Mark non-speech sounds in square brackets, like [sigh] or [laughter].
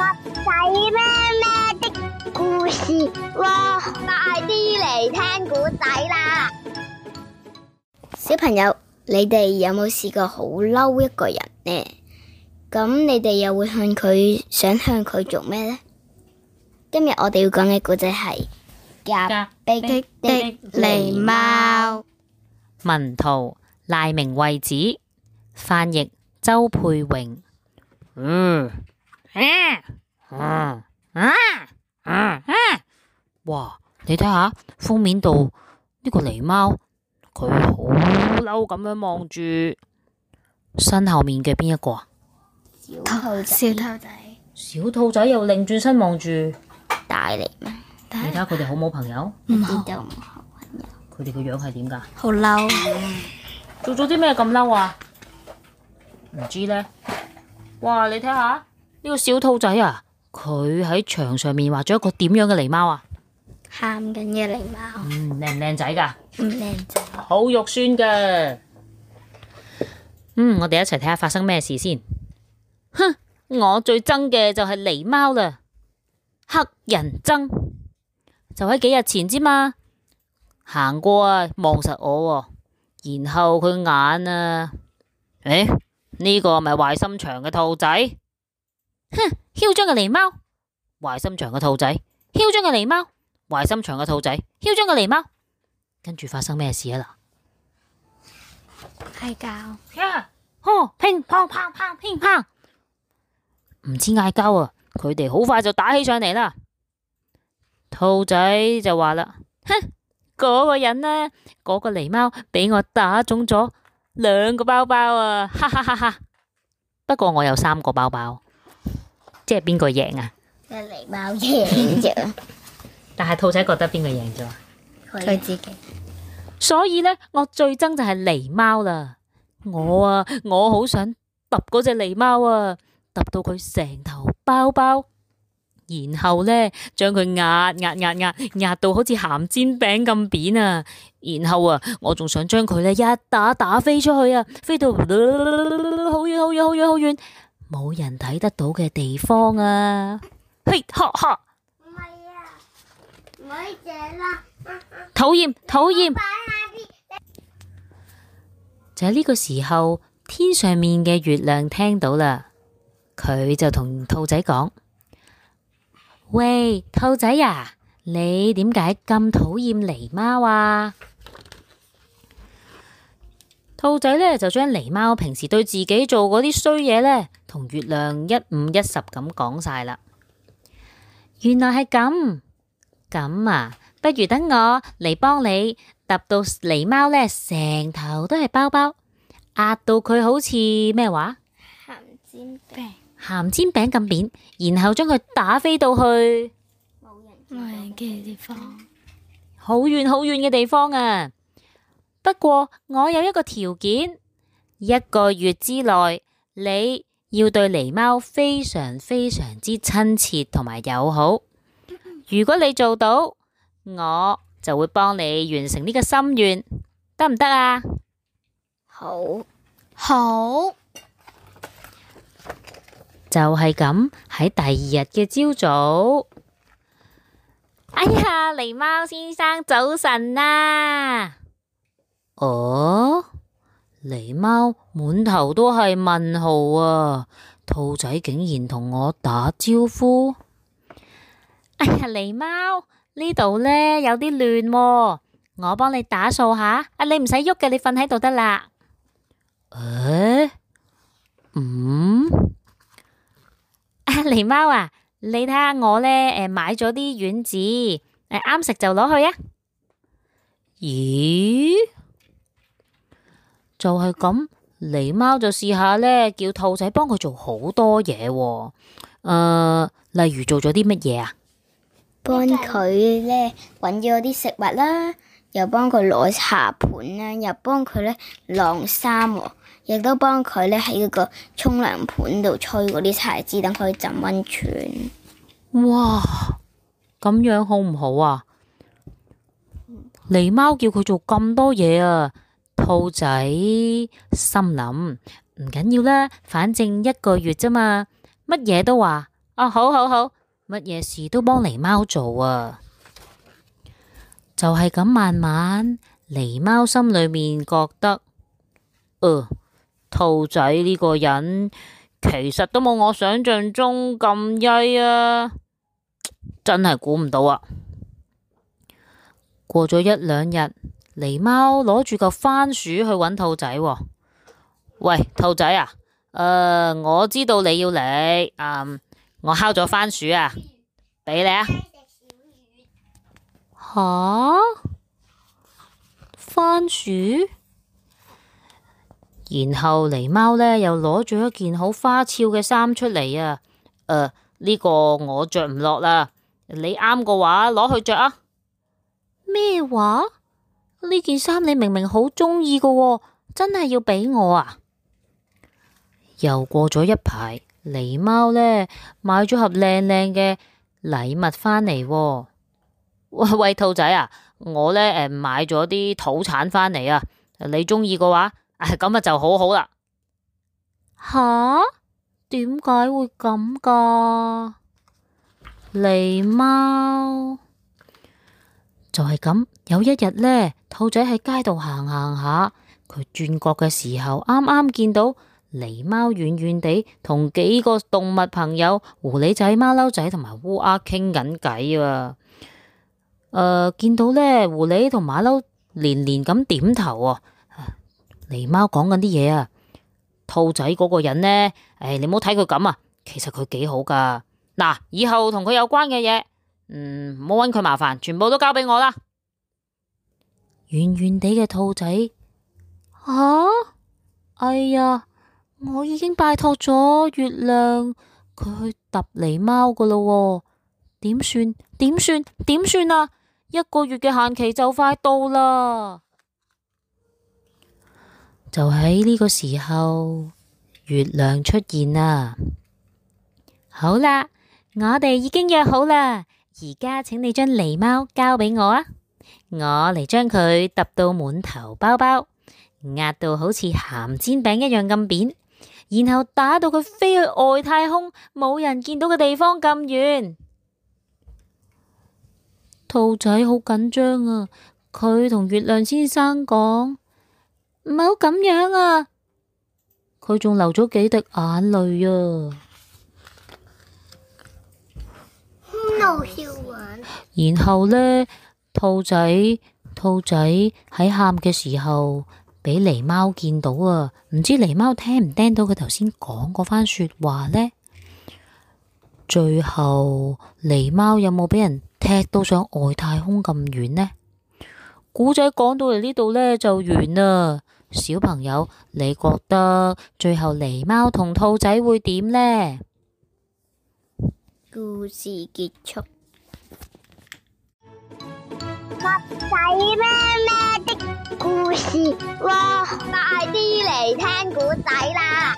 仔咩咩的故事喎，快啲嚟聽古仔啦！小朋友，你哋有冇試過好嬲一個人呢？咁你哋又會向佢想向佢做咩呢？今日我哋要講嘅古仔係隔壁的狸貓。的的文圖瀨名惠子，翻譯周佩穎。嗯。啊啊啊啊、哇！你睇下封面度呢，這個狸貓，佢好嬲咁樣望住身後面嘅邊一個啊？小兔仔。小兔仔。小兔仔又擰轉身望住大狸貓？貓貓，你睇下佢哋好冇朋友？唔好。佢哋個樣係點噶？好嬲。嗯，做咗啲咩咁嬲啊？唔知咧。哇！你睇下。呢個小兔仔啊，佢喺牆上面畫咗一個點樣嘅狸貓啊？喊緊嘅狸貓。嗯，靚唔靚仔噶？唔靚仔。好肉酸㗎。嗯，我哋一齊睇下發生咩事先。哼，我最憎嘅就係狸貓啦，黑人憎。就喺幾日前之嘛，行過啊，望實我喎，啊，然後佢眼啊，誒、呢、這個咪壞心腸嘅兔仔。哼！囂張嘅狸貓，壞心腸嘅兔仔。囂張嘅狸貓，壞心腸嘅兔仔。囂張嘅狸貓，跟住發生咩事啊？嗱，嗌交！哦，乒乓乓乓乒乓，唔知嗌交啊！佢哋好快就打起上嚟啦。兔仔就話啦：哼，嗰個人呢？嗰個狸貓俾我打腫咗兩個包包啊！哈哈哈哈！不過我有三個包包。即係邊個贏啊？狸貓贏，但係兔仔覺得邊個贏咗？佢自己。所以咧，我最憎就係狸貓啦。我啊，我好想揼嗰隻狸貓啊，揼到佢成頭包包，然後咧將佢壓壓壓壓壓到好似咸煎餅咁扁啊。然後啊，我仲想將佢咧一打打飛出去啊，飛到好遠好遠好遠好遠冇人睇得到嘅地方啊！嘿， [laughs] 吓吓，唔係啊，唔好借啦，討厭討厭。就喺呢個時候，天上面嘅月亮聽到啦，佢就同兔仔講：喂，兔仔啊，你點解咁討厭狸貓啊？兔仔呢就將狸貓平時對自己做嗰啲衰嘢呢。同月亮一五一十咁講晒啦，原來係咁咁啊，不如等我嚟幫你揼到狸貓呢，成頭都係包包，壓到佢好似咩話鹹煎餅鹹煎餅咁扁，然後將佢打飛到去冇人冇人嘅地方，好遠好遠嘅地方啊！不過我有一個條件，一個月之內你。要對狸貓非常非常之親切同埋友好。如果你做到，我就會幫你完成呢個心願，得唔得啊？好好，就係咁。喺第二日嘅朝早，哎呀，狸貓先生，早晨啊！哦。狸貓滿頭都係問號啊！兔仔竟然同我打招呼？哎呀，狸貓呢度呢有啲亂，啊，我幫你打掃下。阿你唔使喐嘅，你瞓喺度得啦。誒，欸，嗯，阿狸貓啊，你睇下我呢？誒，買咗啲丸子，誒，啊，啱食就攞去啊。咦？就係咁，狸貓就試下呢，叫兔仔幫佢做好多嘢，啊、誒、呃，例如做咗啲乜嘢啊？幫佢呢，揾咗啲食物啦，又幫佢攞茶盤啦，又幫佢呢晾衫，亦都幫佢呢喺嗰個沖涼盤度吹嗰啲柴枝，等佢浸溫泉。哇，咁樣好唔好啊？狸貓叫佢做咁多嘢啊？兔仔心諗唔緊要啦，反正一個月咋嘛，乜嘢都話哦，好好好，乜嘢事都幫狸貓做啊，就係咁慢慢，狸貓心裏面覺得，誒，兔仔呢個人其實都冇我想象中咁曳啊，真係估唔到啊，過咗一兩日。狸貓攞住個番薯去揾兔仔，喂兔仔啊，兔仔啊、呃！我知道你要嚟、嗯，我烤咗番薯啊，俾你啊。吓、啊、番薯？然後狸貓呢又攞住一件好花俏嘅衫出嚟啊！呢、呃這個我着唔落啦，你啱嘅話攞去着啊？咩話？呢件衫你明明好中意嘅，真係要俾我啊！又過咗一排，狸貓呢，買咗盒靚靚嘅禮物返嚟喎。喂喂，兔仔啊，我呢誒買咗啲土產返嚟啊，你中意嘅話，咁啊就好好啦。吓？點解會咁噶？狸貓。就係咁，有一日呢。兔仔喺街度行行下，佢轉角嘅時候，啱啱見到狸貓遠遠地同幾個動物朋友狐狸仔、馬騮仔同埋烏鴉傾緊偈啊！誒、呃，見到咧，狐狸同馬騮連連咁點頭啊！狸貓講緊啲嘢啊，兔仔嗰個人呢？誒、哎，你唔好睇佢咁啊，其實佢幾好噶。嗱，以後同佢有關嘅嘢，嗯，唔好搵佢麻煩，全部都交俾我啦。圓圓地嘅兔仔，吓、啊！哎呀，我已經拜託咗月亮佢去揼狸貓噶啦，點算？點算？點算啊！一個月嘅限期就快到啦，就喺呢個時候，月亮出現啦。好啦，我哋已經約好啦，而家請你將狸貓交俾我啊！我嚟將佢揼到滿頭包包，壓到好似鹹煎餅一樣咁扁，然後打到佢飛去外太空，冇人見到嘅地方咁遠。兔仔好緊張啊！佢同月亮先生講，唔好咁樣啊！佢仲流咗幾滴眼淚啊 no, you 然後呢？兔仔，兔仔喺喊嘅時候畀狸貓見到啊！唔知狸貓聽唔聽到佢頭先講嗰番說話呢？最後狸貓有冇畀人踢到上外太空咁遠呢？古仔講到嚟呢度呢就完啦！小朋友，你覺得最後狸貓同兔仔會點呢？故事結束。襪仔咩咩的故事喎，快啲嚟聽古仔啦！